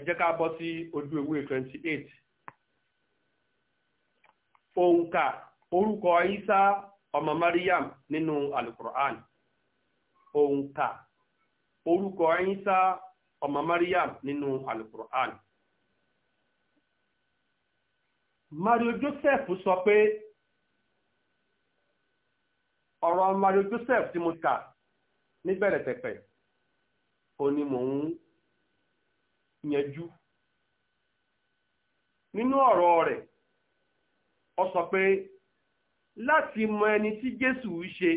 ẹ jẹ́ ká bọ́ sí ojú ewé twenty eight òǹkà orúkọ Isa ọmọ Mariam nínú alukur'an òǹkà orúkọ Isa ọmọ Mariam nínú alukur'an Mario Joseph sọ pé ọ̀rọ̀ Mario Joseph tí mo kà níbẹ̀rẹ̀ pẹ̀pẹ̀ òní mò ń yanjú nínú ọ̀rọ̀ rẹ̀ ó sọ pé láti mọ ẹni tí Jésù ṣe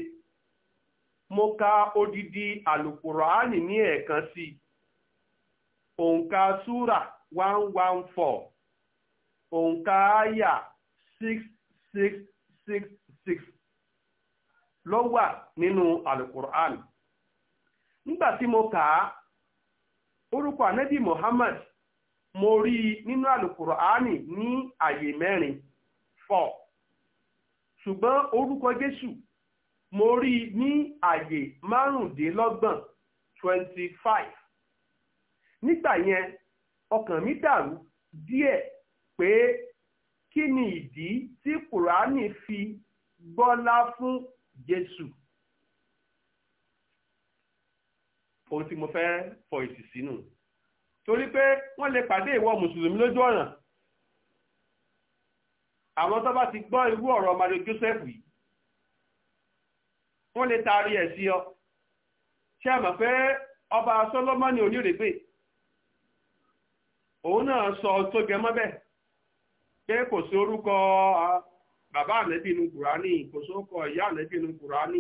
mo ka odidi àlùkùránì ní ẹ̀ẹ̀kan sí ka súrà 114 òǹkà àyà 6666 ló wà nínú àlùkùránì nígbà tí mo kà orúkọ ànábì Muhammad mo rí i nínú àlùkùránì ní àyè mẹ́rin four ṣùgbọ́n orúkọ Jésù mo rí i ní àyè márùndínlọ́gbọ̀n twenty five nígbà yẹn ọkàn mi dàrú díẹ̀ pé kí ni ìdí tí kùránì fi gbọ́lá fún Jésù. ohun tí mo fẹ́ fọ èsì sínú torí pé wọ́n lè pàdé ìwọ mùsùlùmí lójú ọ̀nà àwọn tó bá ti gbọ́ irú ọ̀rọ̀ Mario Joseph yìí wọ́n lè taari ẹ̀ sí ọ ṣé àmọ̀ pé ọba Solomoni onírègbè òun náà sọ tó gẹmọ́ bẹ́ẹ̀ pé kò sí orúkọ bàbá ànẹ́bí inú Kùránì kò sí orúkọ ìyá ànẹ́bí inú Kùránì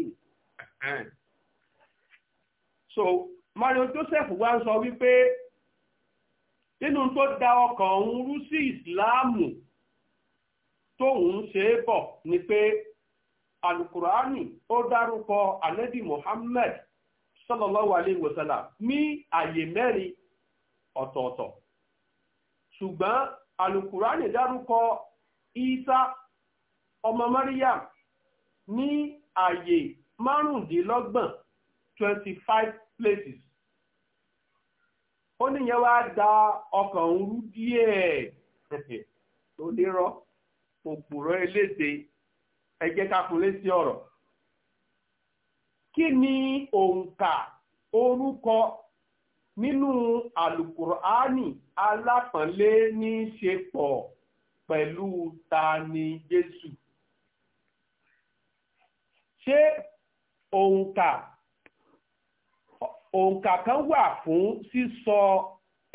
so Mario Joseph wá ń sọ wípé nínú tó da ọkàn òun rú sí ìsìláàmù tóun ṣe é bọ̀ ni pé alukurani ó dárúkọ anabi Muhammad sallallahu alayhi wa sallam ní àyè mẹ́rin ọ̀tọ̀ọ̀tọ̀ ṣùgbọ́n alukurani dárúkọ Isa ọmọ Maryam ní àyè márùndínlọ́gbọ̀n twenty five places ó níyẹn wá da ọkàn ń rú díẹ̀ tó lérọ́ òpùrọ́ eléde ẹ jẹ́ ká fún létí ọ̀rọ̀ kí ni òǹkà orúkọ nínú àlùkùránì alápọ̀nlé ní ṣe pọ̀ pẹ̀lú ta Jésù ṣé òǹkà òǹkà kan wà fún sísọ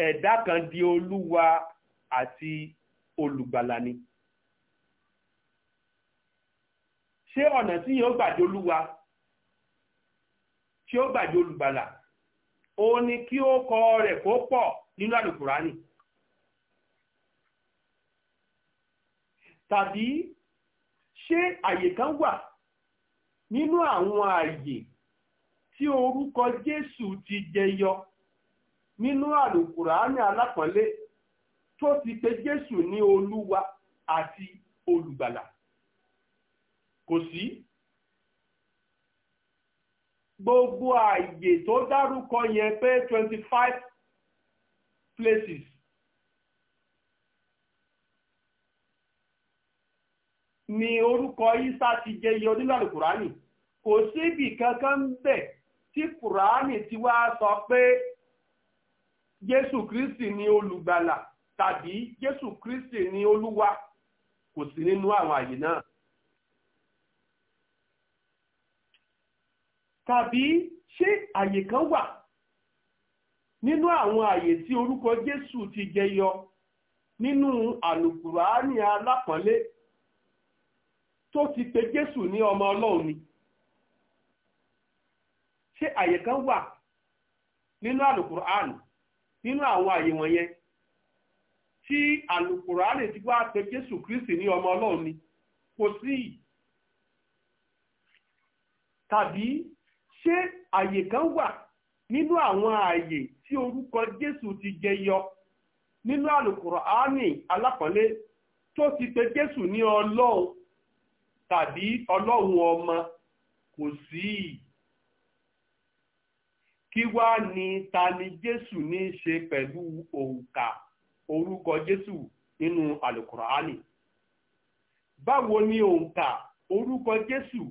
ẹ̀dá kan di olúwa àti olùgbàlà ni ṣé ọ̀nà tí yóò gbàdé olúwa tí ó gbàdé olùgbàlà ó ní kí ó kọ rẹ̀ kó pọ̀ nínú àlùkùránì tàbí ṣé àyè kan wà nínú àwọn àyè tí orúkọ Jésù ti jẹyọ nínú àlùkùránì alápọ̀nlé tó ti pe Jésù ní olúwa àti olùgbàlà kò sí gbogbo ààyè tó dárúkọ yẹn pé twenty five places ni orúkọ Ísá ti jẹyọ nínú àlùkùránì kò síbi kankan bẹ́ẹ̀ tí kùránì ti wá sọ pé jésù kristi ni olùgbàlà tàbí jésù kristi ni olúwa kò sí nínú àwọn àyè náà. tàbí ṣé àyè kan wà nínú àwọn àyè tí orúkọ jésù ti jẹyọ nínú àlùkùránì alápọ̀nlé tó ti pe jésù ní ọmọ ọlọ́run ni. ṣé àyè kan wà nínú àlùkùránì nínú àwọn àyè wọ̀nyẹn tí àlùkùránì ti wá pé Jésù Kristi ní ọmọ Ọlọ́run ni kò sí tàbí ṣé àyè kan wà nínú àwọn àyè tí orúkọ Jésù ti jẹyọ nínú àlùkùránì alápọ̀lé tó ti pé Jésù ní Ọlọ́run tàbí Ọlọ́run ọmọ kò sí. Si kí wá ni ta ni jésù ní í ṣe pẹ̀lú òǹkà orúkọ jésù nínú àlùkùránì báwo ni òǹkà orúkọ jésù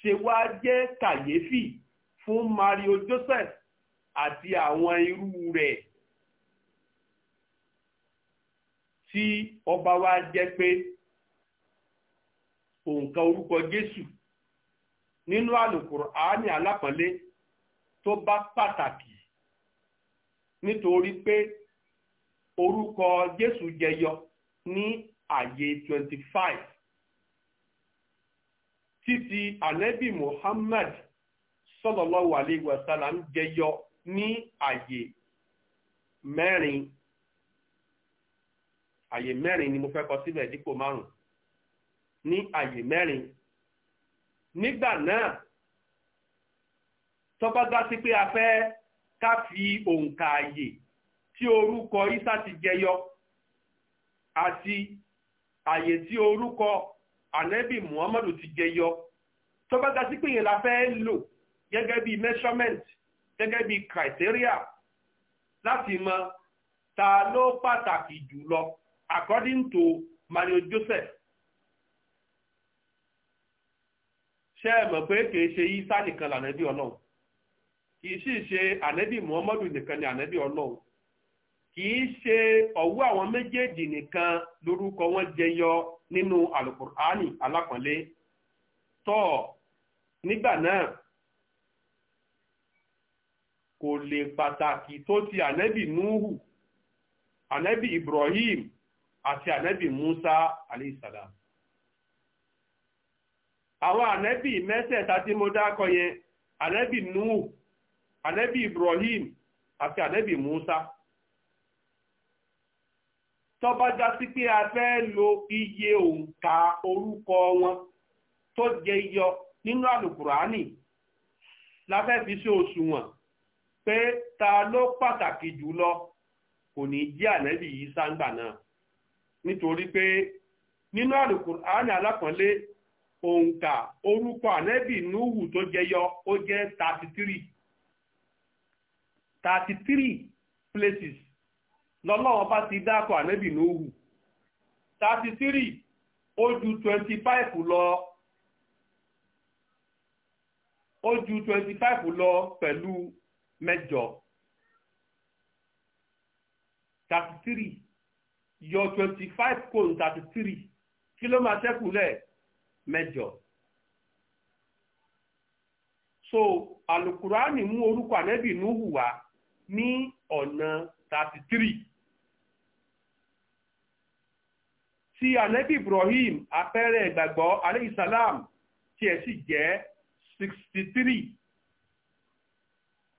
ṣe wá jẹ́ kàyéfì fún mario joseph àti àwọn irú rẹ̀ tí ọba wa jẹ́ pé òǹkà orúkọ jésù nínú àlùkùránì alápọ̀nlé tó bá pàtàkì nítorí pé orúkọ Jésù jẹyọ ní àyè twenty five títí ànábì Muhammad sallallahu alayhi wa sallam jẹyọ ní àyè mẹ́rin àyè mẹ́rin ni mo fẹ́ kọ síbẹ̀ dípò márùn ní àyè mẹ́rin nígbà náà tọ́ba dá sí pé a fẹ́ ká fi òǹkà àyè tí orúkọ isa ti jẹyọ àti àyè tí orúkọ ànẹ́bì muhammadu ti jẹyọ tọ́ba dá sí pé yẹn la fẹ́ lò gẹ́gẹ́ bí measurement gẹ́gẹ́ bí criteria láti mọ ta ló pàtàkì jùlọ according to Mario Joseph ṣe é mọ̀ pé kìí ṣe isa nìkan lànà bí ọlọ́run kì í sì ṣe ànábì muhammadu nìkan ni ànábì ọlọ́run kì í ṣe ọ̀wọ́ àwọn méjèèjì nìkan lórúkọ wọn jẹyọ nínú alukur'ani alápọ̀nlé tọ́ nígbà náà kò lè pàtàkì tó ti ànábì nuhu ànábì ibrahim àti ànábì musa aleyhisalaam àwọn ànábì mẹ́sẹ̀ẹ̀ta tí mo dákọ yẹn ànábì nuhu ànẹ́bì Ibrahim àti alebi Musa tó bá já sí pé a fẹ́ lo iye òǹkà orúkọ wọn tó jẹ yọ nínú àlùkùránì la fẹ́ fi pé ta ló pàtàkì jùlọ kò ní jẹ́ ànẹ́bì yìí sáńgbà náà nítorí pé nínú àlùkùránì alákọ̀ọ́lé òǹkà orúkọ alebi núhù tó yọ ó jẹ́ 33 thirty three places lọ́lọ́wọ́n bá ti dákọ̀ ànábì nóhù thirty three ó ju twenty five lọ ó ju twenty five lọ pẹ̀lú mẹ́jọ thirty three yọ twenty five kò thirty three kí ló máa ṣẹ́kù lẹ̀ mẹ́jọ so alukurani mú orúkọ ànábì núhù wá ní ọ̀nà 33 tí ànábì Ibrahim àpẹẹrẹ ìgbàgbọ́ aleyhisalam tí ẹ̀ sì jẹ́ 63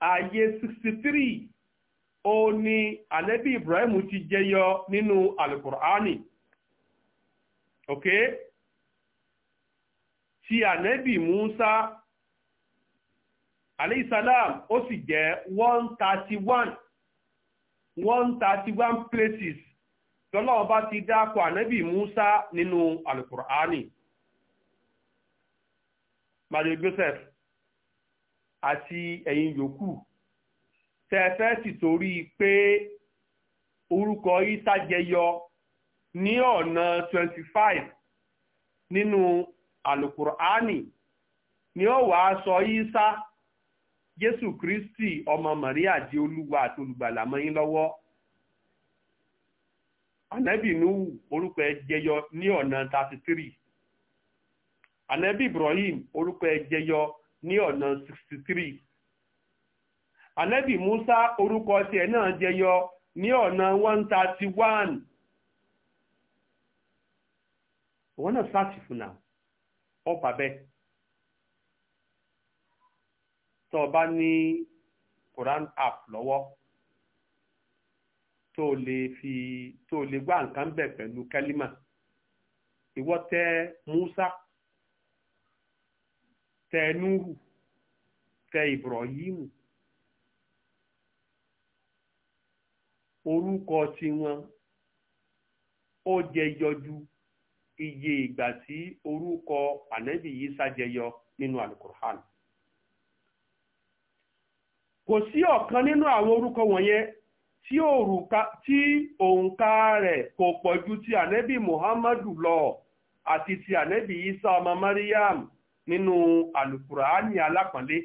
ààyè 63 ó ní ànábì Ibrahim ti jẹyọ nínú alukur'ani ok tí ànábì Musa alayhi salam ó sì jẹ́ one thirty one one thirty one places tọ́lọ́wọ́n bá ti dákọ̀ ànábì Musa nínú alukur'ani mario joseph àti ẹ̀yin yòókù tẹ́ẹ̀fẹ́ sì torí pé orúkọ isa jẹyọ ní ọ̀nà 25 nínú alukur'ani ni ó wàá sọ isa Jesu kristi ọmọ maria di olúwa àti olùgbàlà mọ́ yín lọwọ. ànábì nuhu orúkọ ẹ̀ jẹyọ ní ọ̀nà thirty three ànábì ibrahim orúkọ ẹ̀ jẹyọ ní ọ̀nà sixty three ànábì musa orúkọ tiẹ̀ náà jẹyọ ní ọ̀nà one thirty one òun náà sáàtì fún náà ọba bẹ́ẹ̀. tó o bá ní Quran app lọ́wọ́ tó o lè fi tó o lè gbá nǹkan bẹ̀ pẹ̀lú kẹ́límà ìwọ tẹ Musa tẹ Nuhu tẹ Ibrahim orúkọ tiwọn ó jẹyọ ju iye ìgbà tí orúkọ ànábì yìí ṣàjẹyọ nínú alukur'an. kò sí ọ̀kan nínú àwọn orúkọ wọ̀nyẹn tí òǹkà rẹ̀ kò pọ̀ ju ti ànẹ́bì muhammadu lọ àti ti ànẹ́bì isa ọmọ mariam nínú alukuraani alápọ̀nlé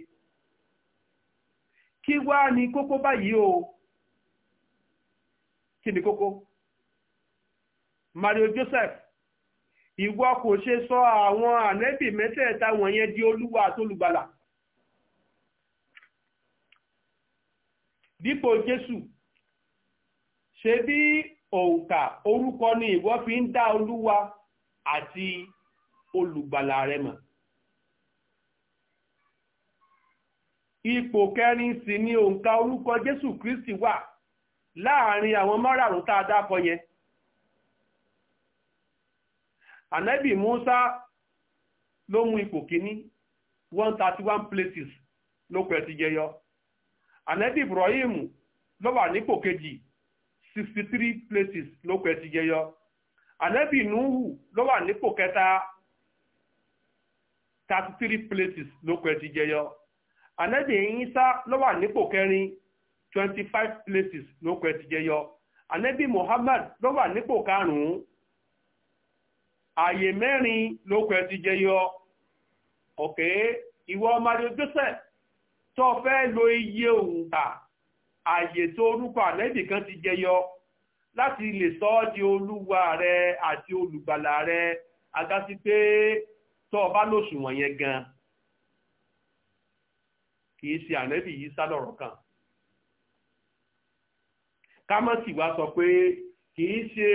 kí wá ní kókó báyìí o kí ni kókó mario joseph ìwọ kò ṣe sọ àwọn ànẹ́bì mẹ́tẹ̀ẹ̀ta wọ̀nyẹn di olúwa àtolùgbàlà dípò jésù ṣe bí òǹkà orúkọ ni ìwọ fi ń dá olúwa àti olùgbàlà rẹ mọ̀ ipò kẹrin sì ni òǹkà orúkọ jésù kristi wà láàrin àwọn márààrún tá a dákọ yẹn ànábì musa ló mú ipò kíní one places ló pẹ̀ ti jẹyọ ànẹ́bí Ibrahim ló wà keji sixty places ló pẹ́ ti jẹyọ ànẹ́bí Nuhu ló wà keta thirty three places ló pẹ́ ti jẹyọ ànẹ́bí Isa n'ipo kere nípò places ló pẹ́ ti jẹyọ ànẹ́bí Muhammad n'ipo wà nípò karùn-ún Joseph tó fẹ́ lo iye òǹkà àyè tó orúkọ àlẹ́bì kan ti jẹyọ láti lè sọ ọ́ di olúwa rẹ àti olùgbàlà rẹ agásí pé tó bá lòṣùwọ̀n yẹn gan kì í ṣe àlẹ́bì yìí sálọ̀rọ̀ kan kámọ́sì wá sọ pé kì í ṣe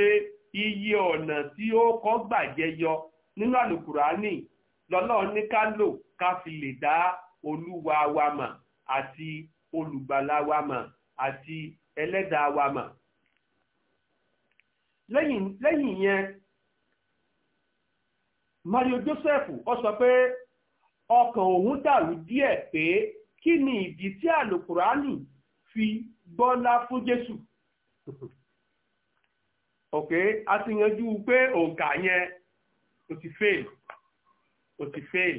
iye ọ̀nà tí ó kọ́ gbàjẹyọ nínú àlùkùránì lọ́lọ́ọ̀ ní ká lò ká fi lè dá olúwa wa mà àti olùgbàlà wa mà àti ẹlẹ́dàá wa mà. lẹ́yìn lẹ́yìn yẹn Mario Joseph ó sọ pé ọkàn òun dàrú díẹ̀ pé kí ni ìdí tí àlòkùránì fi gbọ́lá fún Jésù ok a ti yanjú pé òǹkà yẹn ó ti fail ó ti fail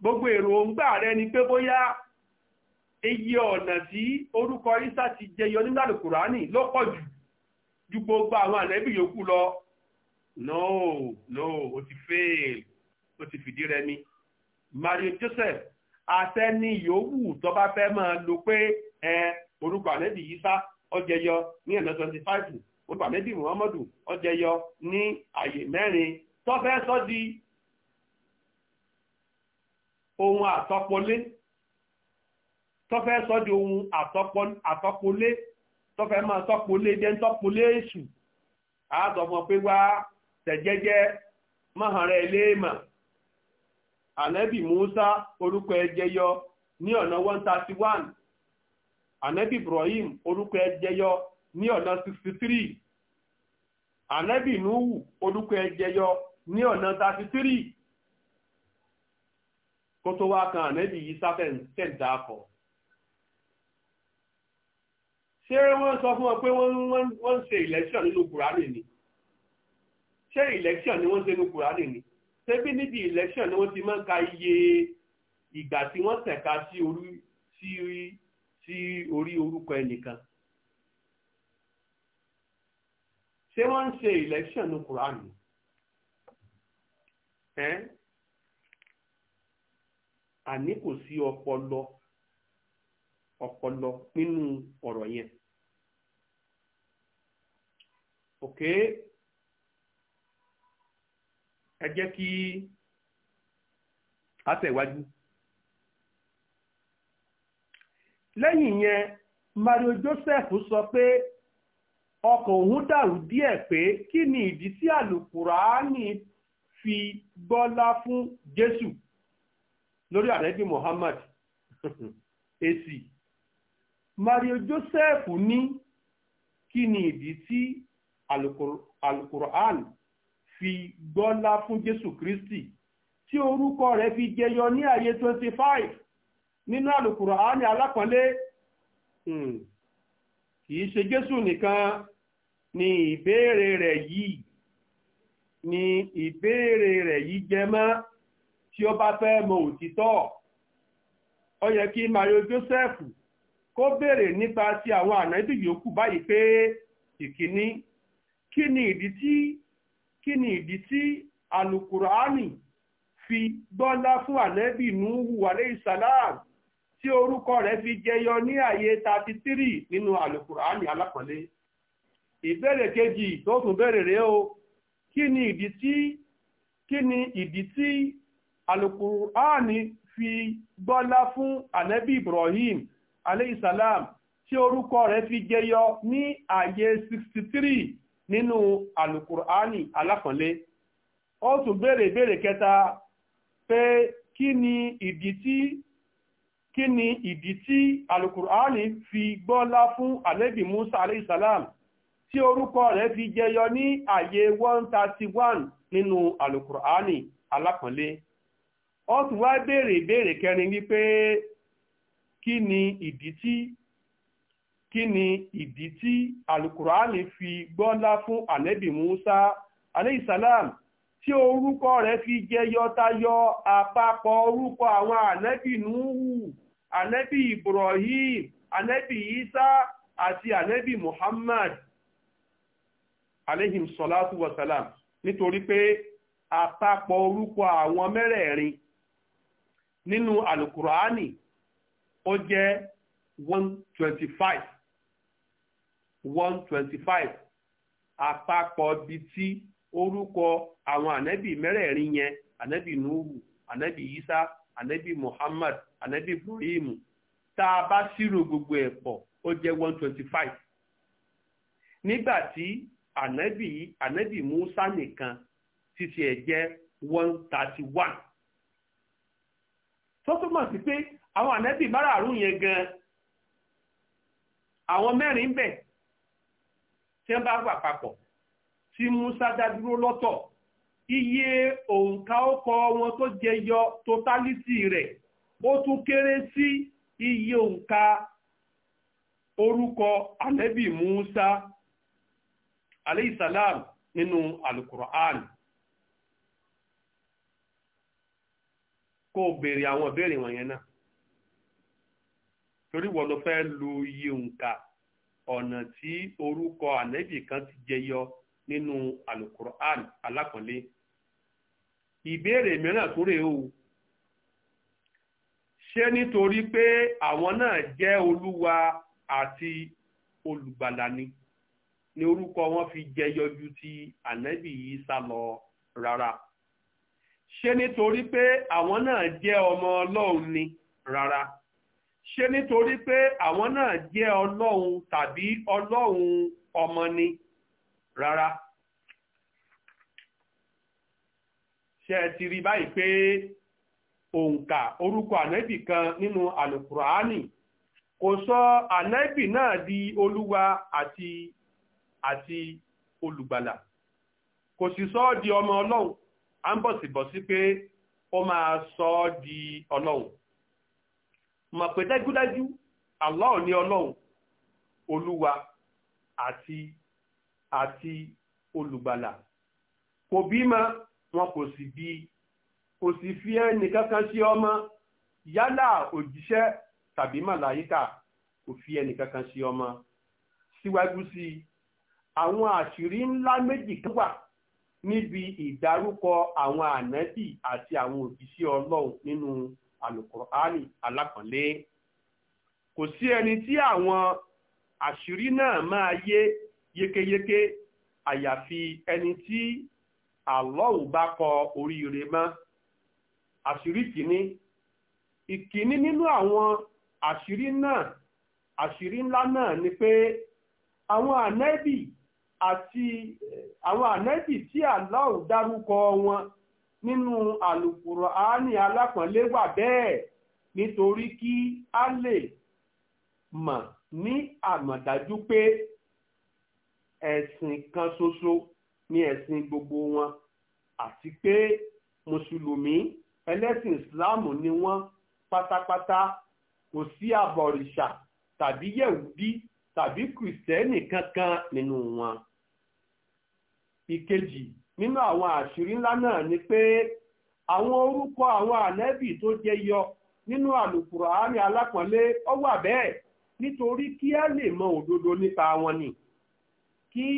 gbogbo èròǹgbà rẹ ni pé bóyá iye ọ̀nà tí orúkọ isa ti jẹyọ nínú àlùkùránì ló pọ̀ jù ju gbogbo àwọn ànábì yòókù lọ no no o ti fail o ti fìdí rẹmi Mario Joseph àtẹni yòówù tó bá fẹ́ máa lo pé ẹ orúkọ ànábì isa ó jẹyọ ní ẹ̀nà twenty orúkọ ànábì muhammadu ó jẹyọ ní àyè mẹ́rin tó fẹ́ sọ di ohun àtọ́pọlé tọ́fẹ́ sọ di ohun àtọ́pọlé tọ́fẹ́ máa tọ́pọlé jẹ́ tọ́pọlé èṣù àádọ́mọ pé wá tẹ̀jẹ́jẹ́ mọ́hànrẹ́ iléèmọ̀ ànẹ́bì Musa orúkọ ẹjẹyọ ní ọ̀nà 131 ànẹ́bì Ibrahim orúkọ ẹjẹyọ ní ọ̀nà 63 ànẹ́bì Nuhu orúkọ ẹjẹyọ ní ọ̀nà 33 kó tó wá kan ànẹ́bì yìí sáfẹ́ ń dákọ̀ ṣé wọ́n sọ fún ọ pé wọ́n ń ṣe election nínú kùránì ni ṣé election ni wọ́n ń ṣe nínú kùránì ni ṣé bí níbi election ni wọ́n ti máa ń ka iye ìgbà tí wọ́n tẹ̀ka sí orí sí sí orí orúkọ ẹnìkan ṣé wọ́n ń ṣe election nínú kùránì àní kò sí ọpọlọ ọpọlọ nínú ọ̀rọ̀ yẹn. òkè ẹ jẹ́ kí a tẹ̀wájú. lẹ́yìn yẹn Mario Joseph sọ pé ọkàn òun dàrú díẹ̀ pé kí ni ìdí tí àlùkùránì fi gbọ́lá fún Jésù lórí àrẹ́bí Muhammad èsì Mario Joseph ní kí ni ìdí tí alukur'an fi gbọ́lá fún Jésù Kristi tí orúkọ rẹ̀ fi jẹyọ ní àyè 25 nínú alukur'an alápọ̀nlé hmm. kìí ṣe Jésù nìkan ni ìbéèrè rẹ̀ yìí ni ìbéèrè rẹ̀ yìí jẹ mọ́ tí ó bá fẹ́ mọ òtítọ́ ó yẹ kí Mario Joseph kó béèrè nípa ti àwọn ànábì yòókù báyìí pé ìkíní kí ni ìdí tí kí ni ìdí tí alukuraani fi gbọ́lá fún ànábì Nuhu alayhi salam tí orúkọ rẹ̀ fi jẹyọ ní àyè 33 nínú alukuraani alápọ̀lé ìbéèrè kejì tó tún béèrè rèé o kí ni ìdí tí kí ni ìdí tí alukur'ani fi gbọ́lá fún ànábì ibrahim aleyhisalam tí orúkọ rẹ̀ fi jẹyọ ní àyè 63 nínú alukur'ani alákànlé ó tún béèrè béèrè kẹta pé kí ni ìdí tí kí ni alukur'ani fi gbọ́lá fún ànábì musa aleyhisalam tí orúkọ rẹ̀ fi jẹyọ ní àyè 131 nínú alukur'ani alákànlé ó tún wá béèrè ìbéèrè kẹrin wípé kí ni ìdí tí kí ni ìdí tí alukurani fi gbọ́lá fún ànábì Musa aleyhisalam tí orúkọ rẹ̀ fi jẹyọ tayọ àpapọ̀ orúkọ àwọn ànábì Nuhu ànábì Ibrahim anabi Isa àti anabi Muhammad aleyhim salatu wasalam nítorí pé àpapọ̀ orúkọ àwọn mẹ́rẹ̀ẹ̀rin nínú alukurani ó jẹ́ one twenty five one twenty five àpapọ̀ bíi tí orúkọ àwọn ànábì mẹ́rẹ̀ẹ̀rin yẹn ànábì nuhu ànábì isa ànábì muhammad ànábì ibrahim tá a bá ṣírò gbogbo ẹ̀ pọ̀ ó jẹ́ one twenty five nígbà tí ànábì ànábì musa nìkan ti jẹ́ one thirty one. tó túmọ̀ sí pé àwọn ànábì márààrún yẹn gan àwọn mẹ́rin bẹ̀ tí wọ́n bá wà papọ̀ tí Musa dá dúró lọ́tọ̀ iye òǹkà ọkọ wọn tó jẹyọ totality rẹ̀ ó tún kéré sí iye òǹkà orúkọ ànábì Musa aleyhisalam nínú alukur'an kó o béèrè àwọn ìbéèrè wọ̀nyẹn náà torí wọ́n ló fẹ́ lu iye òǹkà ọ̀nà tí orúkọ ànẹ́bì kan ti jẹyọ nínú alukur'an alákọ̀ọ́lé ìbéèrè mìíràn tó rèé o ṣé nítorí pé àwọn náà jẹ́ olúwa àti olùgbàlà ni ni orúkọ wọn fi jẹyọ ju ti ànẹ́bì yìí sá lọ rárá. ṣé nítorí pé àwọn náà jẹ́ ọmọ ọlọ́run ni rárá ṣé nítorí pé àwọn náà jẹ́ ọlọ́run tàbí ọlọ́run ọmọ ni rárá ṣe ti rí báyìí pé òǹkà orúkọ ànẹ́bì kan nínú àlùkùránì kò sọ ànẹ́bì náà di olúwa àti àti olùgbàlà kò sì sọ ọ́ di ọmọ ọlọ́run à ń bọ̀sibọ̀ sí pé ó máa sọ ọ́ di ọlọ́run mọ̀ pé dájúdájú Allah ni ọlọ́run olúwa àti àti olùgbàlà kò bímọ wọn kò sì bí kò sì fi ẹnì kankan sí ọmọ yálà òjíṣẹ́ tàbí màláyíkà kò fi ẹnì kankan sí ọmọ síwájú sí àwọn àṣírí ńlá méjì kan wà níbi ìdárúkọ àwọn ànábì àti àwọn òbíṣẹ́ ọlọ́run nínú alukur'ani alápọ̀nlé kò sí ẹni tí àwọn àṣírí náà máa yé yékéyéké àyàfi ẹni tí Allahu bá kọ oríire mọ́ àṣírí kìíní ìkíní nínú àwọn àṣírí náà àṣírí ńlá náà ni pé àwọn ànábì àti eh, àwọn ànẹ́bì tí Allah dárúkọ wọn nínú àlùkùránì alápọ̀nlé wà bẹ́ẹ̀ nítorí kí a lè mọ̀ ní àmọ̀dájú pé ẹ̀sìn kan ṣoṣo ni ẹ̀sìn gbogbo wọn àti pé mùsùlùmí ẹlẹ́sìn ìsìláàmù ni wọ́n pátápátá kò sí àbọ̀rìṣà tàbí yẹ̀wùdí tàbí kìrìsìtẹ́nì kankan nínú wọn. ìkejì nínú àwọn àṣírí ńlá náà ni pé àwọn orúkọ àwọn ànẹ́bì tó yọ nínú àlùkùránì alápọ̀nlé ọ wà bẹ́ẹ̀ nítorí kí a lè mọ òdodo nípa wọn ni kí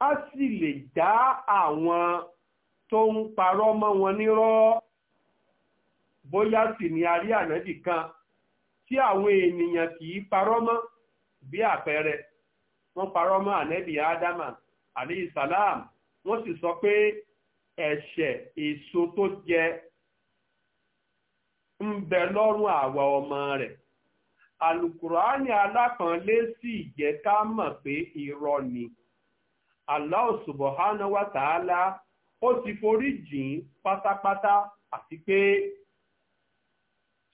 a sì lè dá àwọn tó ń parọ́ mọ́ wọn nírọ́ bóyá sì ni a rí ànẹ́bì kan tí àwọn ènìyàn kì í parọ́ mọ́ bí àpẹẹrẹ wọ́n parọ́ mọ́ ànẹ́bì ádámà àlẹ́ ìsàlám wọ́n sì sọ pé ẹ̀ṣẹ̀ èso tó jẹ ń bẹ lọ́rùn àwa ọmọ rẹ̀ alukurani alákanlé sì jẹ́ ká mọ̀ pé irọ́ ni Allah subhanahu wa ta'ala ó ti forí jìn pátápátá àti pé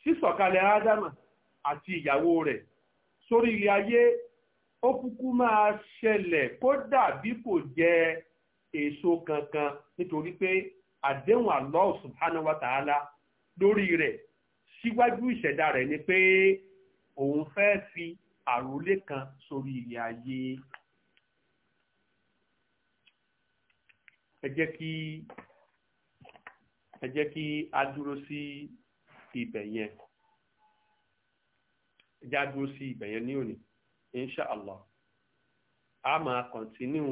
sísọ̀kalẹ̀ ádámà àti ìyàwó rẹ̀ sórí ilé ayé ó kúkú máa ṣẹlẹ̀ kódà bí kò jẹ èso kankan nítorí pé àdéhùn Allah subhanahu wa ta'ala lórí rẹ̀ síwájú ìṣẹ̀dá rẹ̀ ni pé òun fẹ́ fi àròlé kan sórí ilẹ̀ ayé. ẹ jẹ́ kí ẹ jẹ́ kí a dúró sí ibẹ̀ yẹn ẹ jẹ́ a dúró sí ibẹ̀ yẹn ní òní. inshallah a máa kọ̀ntínú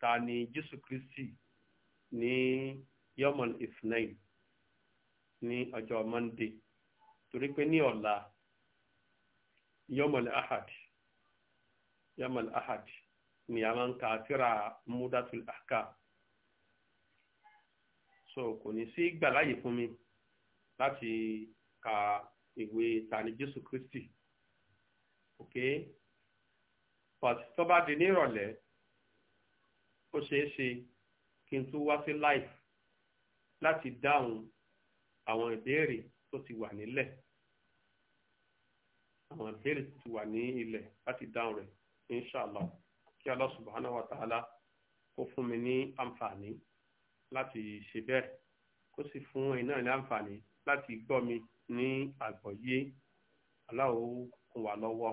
ta ni jésù kristi ni yọmọl ifnain ni ọjọ́ monday torí pé ní ọ̀la yọmọl ahad yọmọl ahad ni a máa ń ka síra múdàtúl àká so kò ní sí gbàláyè fún mi láti ka ìwé ta ni jésù kristi okay but tó bá di ní ìrọ̀lẹ́ ó ṣeé ṣe kí n tún wá sí live láti dáhùn àwọn ìbéèrè tó ti wà nílẹ̀ àwọn ìbéèrè tó ti wà ní ilẹ̀ láti dáhùn rẹ̀ inshallah kí Allah subhanahu wa kó fún mi ní àǹfààní láti ṣe bẹ́ẹ̀ kó sì fún ẹ̀yin náà ní àǹfààní láti gbọ́ mi ní àgbọ́yé aláwo kún wa lọ́wọ́.